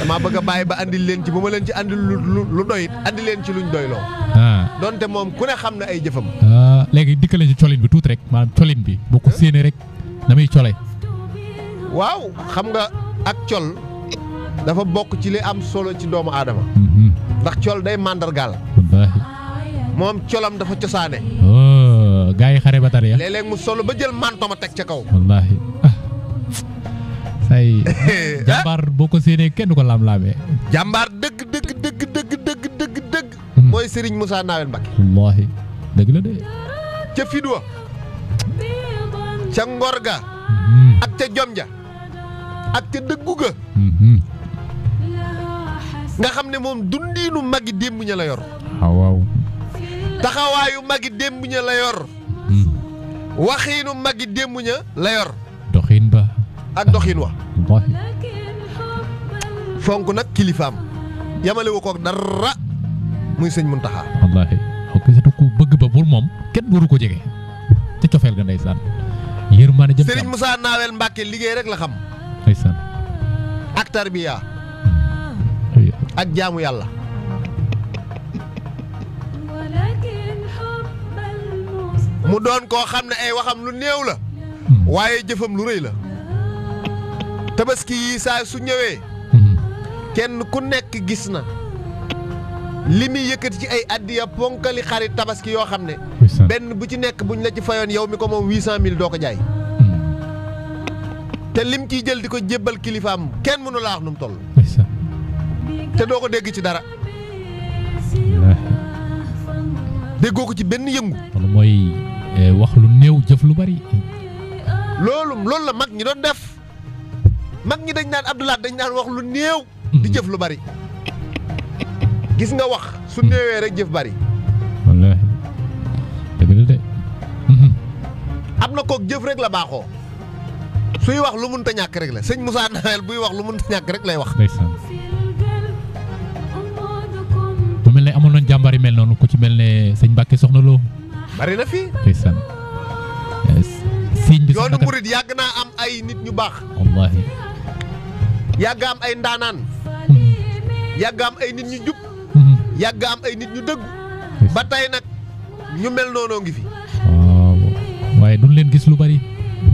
damaa bëgg a bàyyi ba andil leen ci bu ma leen ci andil lu lu doyit andi leen ci luñ doyloo. Ah. donte moom ku ne xam na ay jëfam. Ah, léegi dikkale ci colin bi tuuti rek maanaam colin bi. boo ko séenee rek damay cole. waaw xam nga ak col dafa bokk ci li am solo ci doomu aadama. Mm-hmm. ndax col day màndargaal. moom colam dafa cosaane. Oh, gaa yi xare ba tar ya léeg mu solo ba jël manto ma teg ca kaw. tay jambar boko ko séenee kenn ko lam lamé jambar deug deug deug deug deug deug deug hmm. moy Serigne Moussa Nawel kan, Mbacké wallahi deug la dé ci fidwa ci ngorga hmm. ak ci jomja ak ci dëggu ga hmm. nga xamné mom moom dundiinu magi démb ñala yor ah, waaw taxawayu magi démb ñala yor waxinu magi démb ñala yor doxin ba ak doxin wa fonk kilifam, kilifaam yamalewu ak dara muy seigne muntaha wallahi xaw gisatu ku bëgg ba bur mom kenn buru ko jege te cofeel ga ndaysan yermane jëm seigne Moussa Nawel Mbacke liggéey rek la xam ndaysan ak tarbiya ak jaamu yalla mu doon koo xam ne ay waxam lu néew la hmm. waaye jëfam lu rëy la tabaski yi saa su ñëwee. Mhm. kenn ku nekk gis na li muy yëkkati ci ay addiya ponkali xarit tabaski yoo xam ne. benn bu ci nekk buñ la ci fayoon yow mi ko moom huit cent mille doo ko jaay. Mhm. te lim ciy jël di ko jébbal kilifaam kenn mënu laa wax nu mu toll. te doo ko dégg ci dara. déggoo ko ci benn yëngu. loolu mooy eh, wax lu néew jëf lu bari. loolu loolu la mag ñi doon def. mag ñi dañ naan Abdoulaat dañu naan wax lu néew. Mm-hmm. di jëf lu bari. gis nga wax su néewee rek jëf bari. Mm-hmm. am na kook jëf rek la baaxoo. suy wax lu mënta ñàkk rek la sëñ Moussa Nawel buy wax lu mënta ñàkk rek lay wax. ndeysaan mel ne amoon nañ jàmbar yi mel noonu ko ci mel ne sëñ Mbacke soxna loo. bari na fi. ndeysaan. siiñ bi yoonu murid yàgg naa am ay nit ñu baax. wallaahi. yagam ay ndanan yagam ay nit ñu jub mhm. yagam ay nit ñu deug ba tay nak ñu mel nono ngi fi waaye duñ leen gis lu bari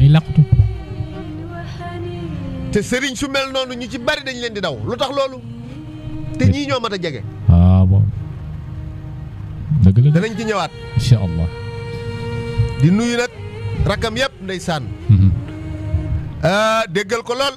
ay laqtu te serigne su mel nonu ñu ci bari dañ leen di daw lu lolu te ñi ñoo mata jégué waaw bon dëgg ci ñëwaat incha allah di nuyu nak rakam yëpp euh mhm. ah, deggal ko lolu